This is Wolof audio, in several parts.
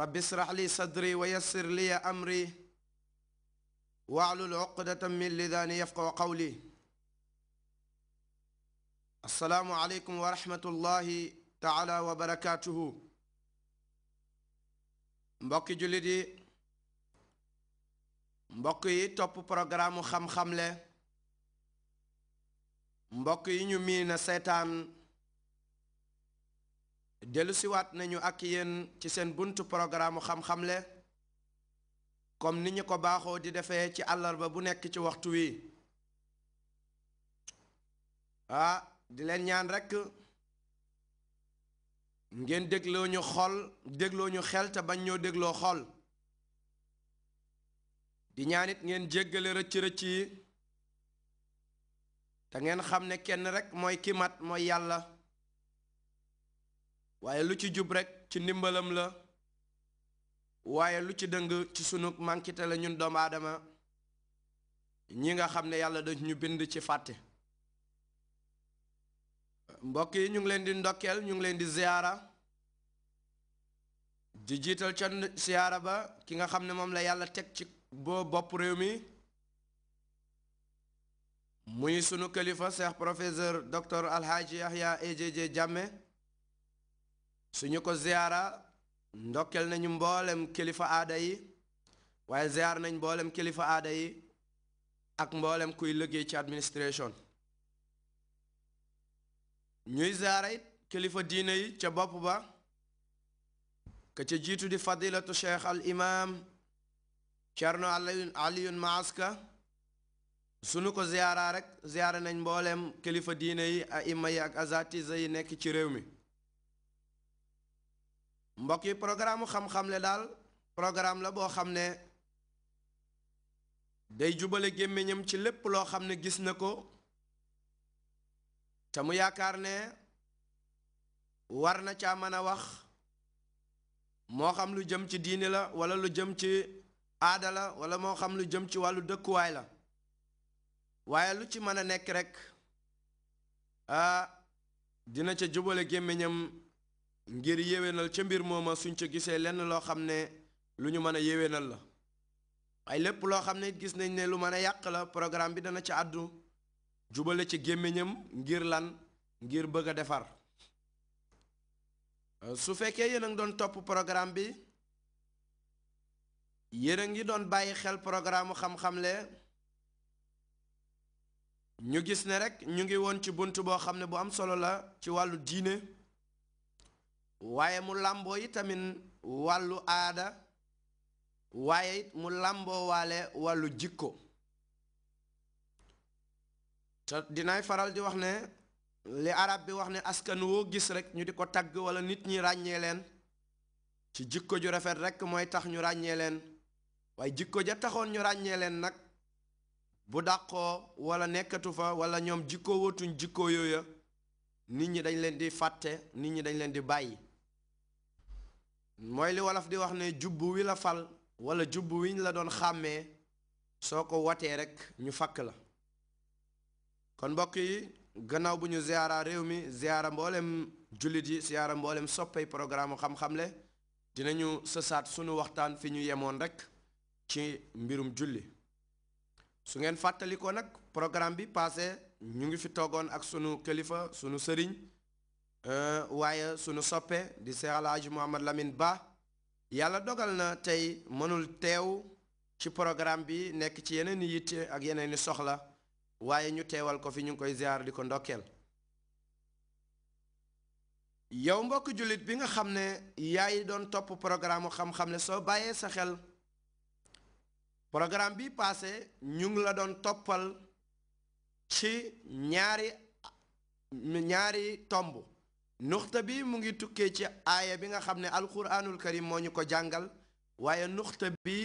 rabbi israh li sadri wa yassir li amri wahlul uqdatan min lisaani yafqahu qawli assalaamu aleykum wa rahmatullahi taala wa barakaatuhu mbokki jullit yi mbokk yi topp programme xam-xamle mbokk yi ñu miina seetaan dellusiwaat nañu ak yéen ci seen buntu programme xam-xamle comme ni ñu ko baaxoo di defee ci àllarba bu nekk ci waxtu wi ah di leen ñaan rekk ngeen dégloo ñu xol dégloo ñu xel te bañ ñoo dégloo xool di ñaan it ngeen jéggale rëcc-rëcc yi te ngeen xam ne kenn rekk mooy ki mooy yàlla waaye lu ci jub rekk ci ndimbalam la waaye lu ci dëng ci sunu mànkite la ñun doom aadama ñi nga xam ne yàlla dañ ñu bind ci fàtte mbokk yi ñu ngi leen di ndokkeel ñu ngi leen di ziyaara di jiital ca ziyaara ba ki nga xam ne moom la yàlla teg ci bopp réew mi muy sunu kilifa seex professeur docteur alhaaji yahya ejeje jàmme suñu ko ziyaara ndokkel nañu mboolem kilifa aada yi waaye ziyaar nañ mboolem kilifa aada yi ak mboolem kuy liggéey ci administration ñuy ziyaara it kilifa diine yi ca bopp ba ka ca jiitu di fadilatu cheikh al imam Cerno Aliyun Maaska sunu ko ziyaara rek ziyaara nañ mboolem kilifa diine yi a ima yi ak azatisa yi nekk ci réew mi mbokk yi programme xam-xam le daal programme la boo xam ne day jubale gémmiñam ci lépp loo xam ne gis na ko te mu yaakaar ne war na caa mën a wax moo xam lu jëm ci diine la wala lu jëm ci aadala la wala moo xam lu jëm ci wàllu dëkkuwaay la waaye lu ci mën a nekk rek ah dina ca jubale gémmiñam ngir yéwénal ca mbir mooma suñ ca gisee lenn loo xam ne lu ñu mën a yéwénal la waaye lépp loo xam ne gis nañ ne lu mën a yàq la programme bi dana ca àddu jubale ci gémmiñam ngir lan ngir bëgg a defar euh, su fekkee yéen a ngi doon topp programme bi yéen a ngi doon bàyyi xel programme xam-xamle ñu gis ne rek ñu ngi woon ci bunt boo xam ne bu am solo la ci wàllu diine waaye mu làmboo yi tamit wàllu aada waaye mu làmboo waale wàllu jikko te dinaay faral di wax ne li arab bi wax ne askan woo gis rek ñu di ko tagg wala nit ñi ràññee leen ci jikko ju rafet rek mooy tax ñu ràññee leen waaye jikko ja taxoon ñu ràññee leen nag bu dàqoo wala nekkatu fa wala ñoom jikko wootuñ jikko yooya nit ñi dañ leen di fàtte nit ñi dañ leen di bàyyi mooy li wolof di wax ne jubb wi la fal wala jubb wiñ la doon xàmmee soo ko watee rek ñu fakk la kon mbokk yi gannaaw bu ñu ziara réew mi ziara mbooleem jullit yi ziara mboolem soppay programme xam-xam le dinañu sësaat sunu waxtaan fi ñu yemoon rek ci mbirum julli su ngeen fàttalikoo nag programme bi passé ñu ngi fi toogoon ak sunu kilifa sunu sëriñ Euh, waaye sunu soppee di Seex Alaaji Mouhamad Lamine Ba yàlla dogal na tey mënul teew ci programme bi nekk ci yeneen i yitte ak yeneen i soxla waaye ñu teewal ko fi ñu ngi koy ziar di ko ndokkeel yow mbokk jullit bi nga xam ne yaay doon topp programme xam-xam ne soo bàyyee sa xel programme bi paase ñu ngi la doon toppal ci ñaari ñaari tomb nuxta bi mu ngi tukkee ci aaya bi nga xam ne alquranul karim moo ñu ko jàngal waaye nuxta bi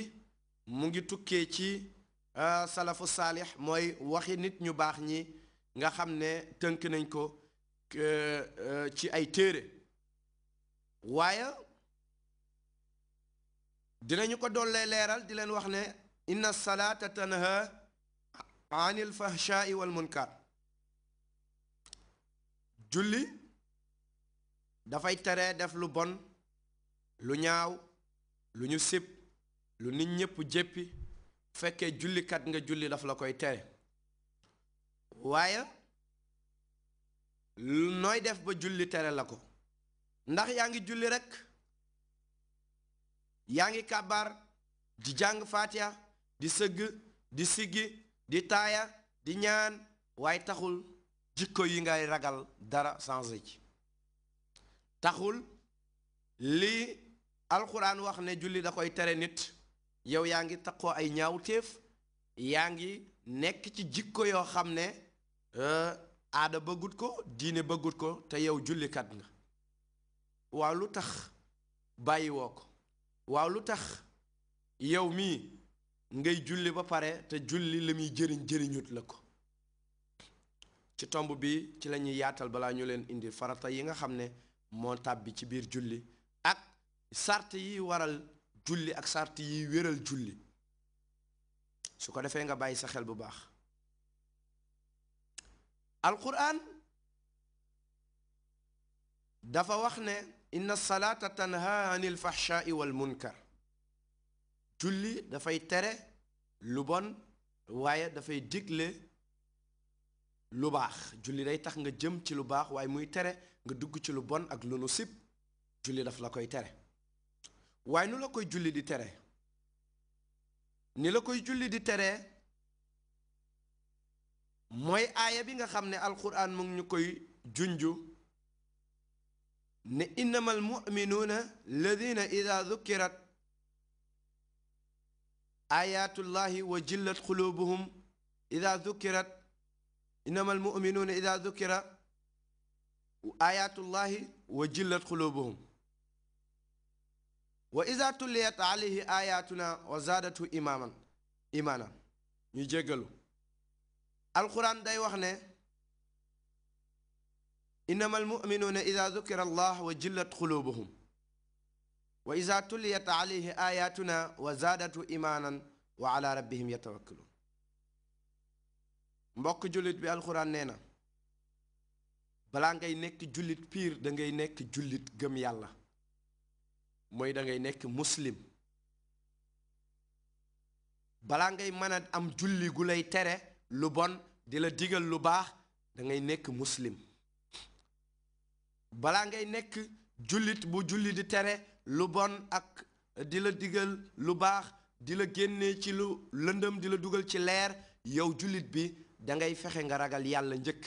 mu ngi tukkee ci euh, salafu saalix mooy waxi nit ñu baax ñi nga xam ne tënk nañ ko euh, euh, ci ay téere waaye dinañu ko dollee leeral di leen wax ne inna salaata tanha anil fahshaai wal munkar julli dafay tere def lu bon lu ñaaw lu ñu sib lu nit ñépp jéppi fekkee jullikat nga julli daf la koy tere waaye nooy def ba julli tere la ko ndax yaa ngi julli rekk yaa ngi kàbbaar di jàng faatiya di sëgg di siggi di taaya di ñaan waaye taxul jikko yi ngay ragal dara changé ci taxul lii alxuraan wax ne julli da koy tere nit yow yaa ngi taqoo ay ñaawteef yaa ngi nekk ci jikko yoo xam ne euh, aada bëggut ko diine bëggut ko te yow jullikat nga waaw lu tax bàyyi woo ko waaw lu tax yow mii ngay julli ba pare te julli li muy jëriñ jëriñut la ko ci tomb bi ci lañuy yaatal balaa ñu leen indil farata yi nga xam ne moo tàbbi ci biir julli ak sart yi waral julli ak sart yi wéral julli su ko defee nga bàyyi sa xel bu baax alquran dafa wax ne inna salaata tanha anil fahshaai wal munkar julli dafay tere lu bon waaye dafay digle lu baax julli day tax nga jëm ci lu baax waaye muy tere nga dugg ci lu bon ak lu nu sib julli daf la koy tere waaye nu la koy julli di tere ni la koy julli di tere mooy aaya bi nga xam ne alquran mu ngi ñu koy junju ne innama almuminuuna ladina ida dukirat ayatullahi wa jillat qulubuhum ida dukirat innama almuminuuna ida dukira ayatullahi wa jillat xulubuhum wa iza tulliyat alayhi ayatuna wa zaadatu imaaman imaana ñu jéggalu alquran day wax ne innama almuminuuna ida dukira allah wa jillat xulubuhum wa iza tulliyat alayhi ayatuna wa zaadatu imaanan wa ala rabbihim yatawakkaluun mbokk jullit bi alquran nee na balaa ngay nekk jullit piir da ngay nekk jullit gëm yàlla mooy dangay nekk muslim bala ngay mën a am julli gu lay tere lu bon di la digal baax da nekk muslim balaa ngay nekk jullit bu julli di tere lu bon ak di la digal lu baax di la génne ci lu lëndëm di la dugal ci leer yow jullit bi dangay fexe nga ragal yàlla njëkk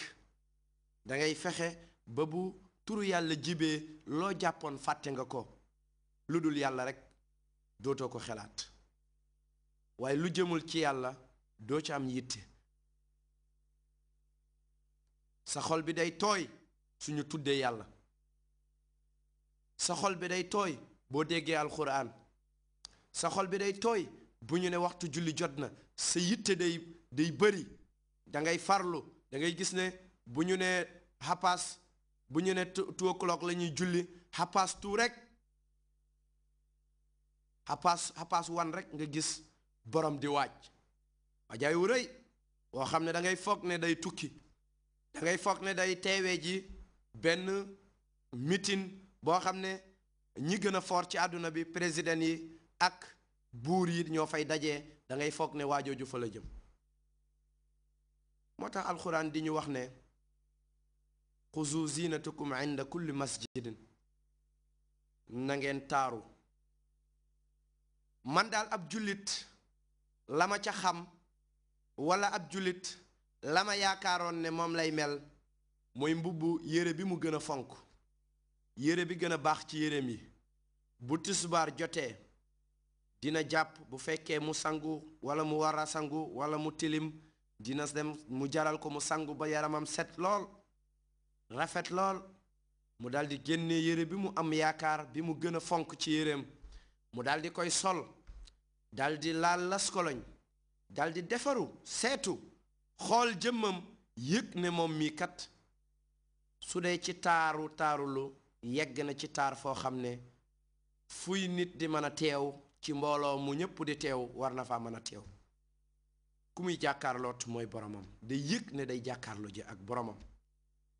da ngay fexe ba bu turu yàlla jibee loo jàppoon fàtte nga ko lu dul yàlla rek dootoo ko xelaat waaye lu jëmul ci yàlla doo ci am yitte sa xol bi day tooy suñu tuddee yàlla sa xol bi day tooy boo déggee alxuraan sa xol bi day tooy bu ñu ne waxtu julli jot na sa yitte day day bari dangay ngay farlu da gis ne bu ñu ne xapaas bu ñu ne two o'clock la julli xapaas tu rek xapaas xapaas wan rek nga gis boroom di waaj wajaay wu rëy woo xam ne dangay foog ne day tukki dangay foog ne day teewee ji benn mitin boo xam ne ñi gën a fort ci àdduna bi président yi ak buur yi ñoo fay dajee dangay foog ne waajooju fa la jëm moo tax alxuraan di ñu wax ne xuzu zinatakum inda kulli masjidin nangeen taaru man daal ab jullit lama ca xam wala ab jullit lama yaakaaroon ne moom lay mel mooy mbubb yére bi mu gën a fonk yére bi gën a baax ci yéreem yi bu tisbaar jotee dina jàpp bu fekkee mu sangu walla mu wara a sangu wala mu tilim dina dem mu jaral ko mu sangu ba yaramam set lool rafet lool mu daldi di génne yére bi mu am yaakaar bi mu gën a fonk ci yéreem mu daal koy sol daldi di daldi defaru seetu xool jëmmam yëg ne moom mii kat su dee ci taaru taarulu yegg na ci taar foo xam ne fuy nit di mën a teew ci mbooloo mu ñëpp di teew war na faa mën a teew ku muy jàkkaarloot mooy boromam day yëg ne day jàkkaarloo ji ak boromam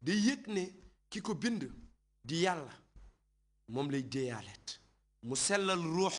day yëg ne ki ko bind di yàlla moom lay déeyaaleet mu sellal ruux